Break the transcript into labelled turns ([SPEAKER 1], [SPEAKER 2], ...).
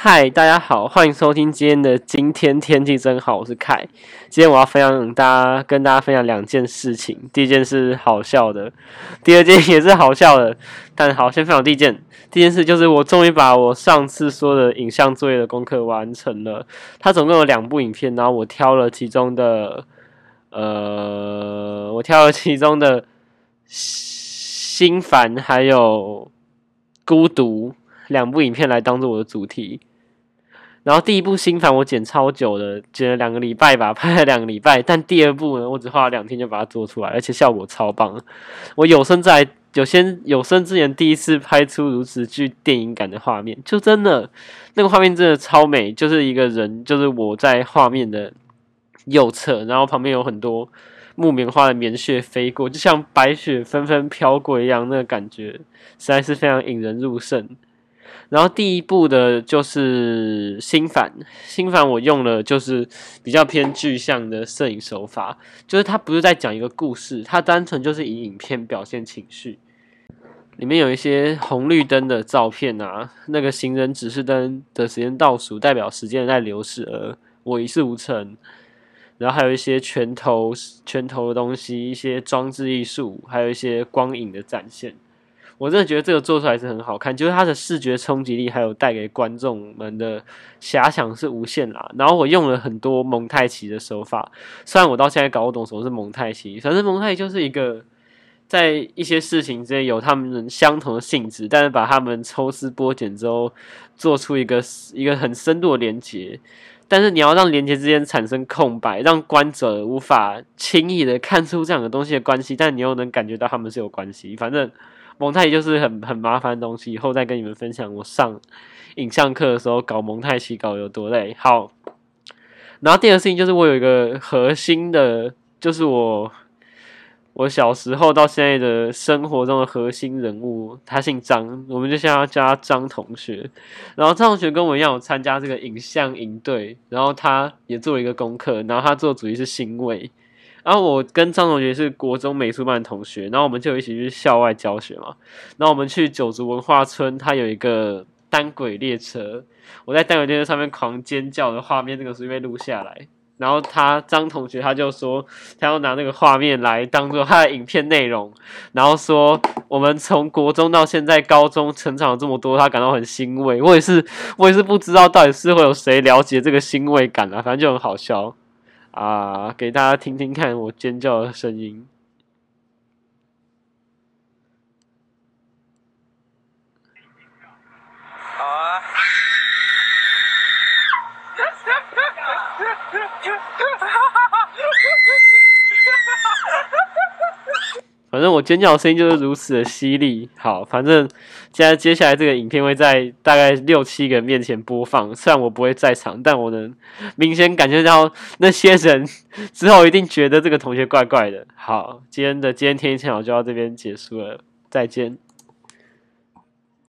[SPEAKER 1] 嗨，Hi, 大家好，歡迎收聽今天的今天天氣真好，我是凱。今天我要分享大家跟大家分享兩件事情，第一件是好笑的，第二件也是好笑的。但好，先分享第一件，第一件事就是我終於把我上次說的影像作業的功課完成了。它總共有兩部影片，然後我挑了其中的，呃，我挑了其中的心煩還有孤獨兩部影片來當做我的主題。然後第一部新版我剪超久的，剪了兩個禮拜吧，拍了兩個禮拜。但第二部呢，我只花了兩天就把它做出來，而且效果超棒。我有生在有先有生之年，第一次拍出如此具電影感的畫面，就真的那個畫面真的超美。就是一個人，就是我在畫面的右側，然後旁邊有很多木棉花的棉絮飛過，就像白雪紛紛飄過一樣，那個感覺實在是非常引人入勝。然後第一部的就是《心煩》，《心煩》我用了就是比較偏具象的攝影手法，就是它不是在講一個故事，它單純就是以影片表現情緒。裡面有一些紅綠燈的照片啊，那個行人指示燈的時間倒數代表時間在流逝，而我一事無成。然後還有一些拳頭、拳頭的東西，一些裝置藝術，還有一些光影的展現。我真的覺得這個做出來是很好看，就是它的視覺衝擊力，還有帶給觀眾們的遐想是無限啦。然後我用了很多蒙太奇的手法，雖然我到現在搞不懂什麼是蒙太奇，反正蒙太奇就是一個在一些事情之間有他們相同的性質，但是把他們抽絲剝繭之後，做出一個一個很深度的連接。但是你要讓連接之間產生空白，讓觀者無法輕易的看出這兩個東西的關係，但你又能感覺到他們是有關係。反正。蒙太奇就是很很麻煩的東西，以後再跟你們分享。我上影像課的時候搞蒙太奇搞得有多累。好，然後第二個事情就是我有一個核心的，就是我我小時候到現在的生活中的核心人物，他姓張，我們就現在要叫他叫張同學。然後張同學跟我一樣有參加這個影像營隊，然後他也做了一個功課，然後他做主題是欣慰。然後、啊、我跟張同學是國中美術班的同學，然後我們就一起去校外教學嘛。然後我們去九族文化村，他有一個單軌列車，我在單軌列車上面狂尖叫的畫面，那、這個是被錄下來。然後他張同學他就說，他要拿那個畫面來當做他的影片內容，然後說我們從國中到現在高中成長了這麼多，他感到很欣慰。我也是，我也是不知道到底是會有誰了解這個欣慰感啊，反正就很好笑。啊，給大家聽聽看我尖叫的聲音。啊！ 反正我尖叫的聲音就是如此的犀利。好，反正現在接下來這個影片會在大概六七個人面前播放。雖然我不會在場，但我能明顯感覺到那些人之後一定覺得這個同學怪怪的。好，今天的今天天氣好，就到這邊結束了，再見。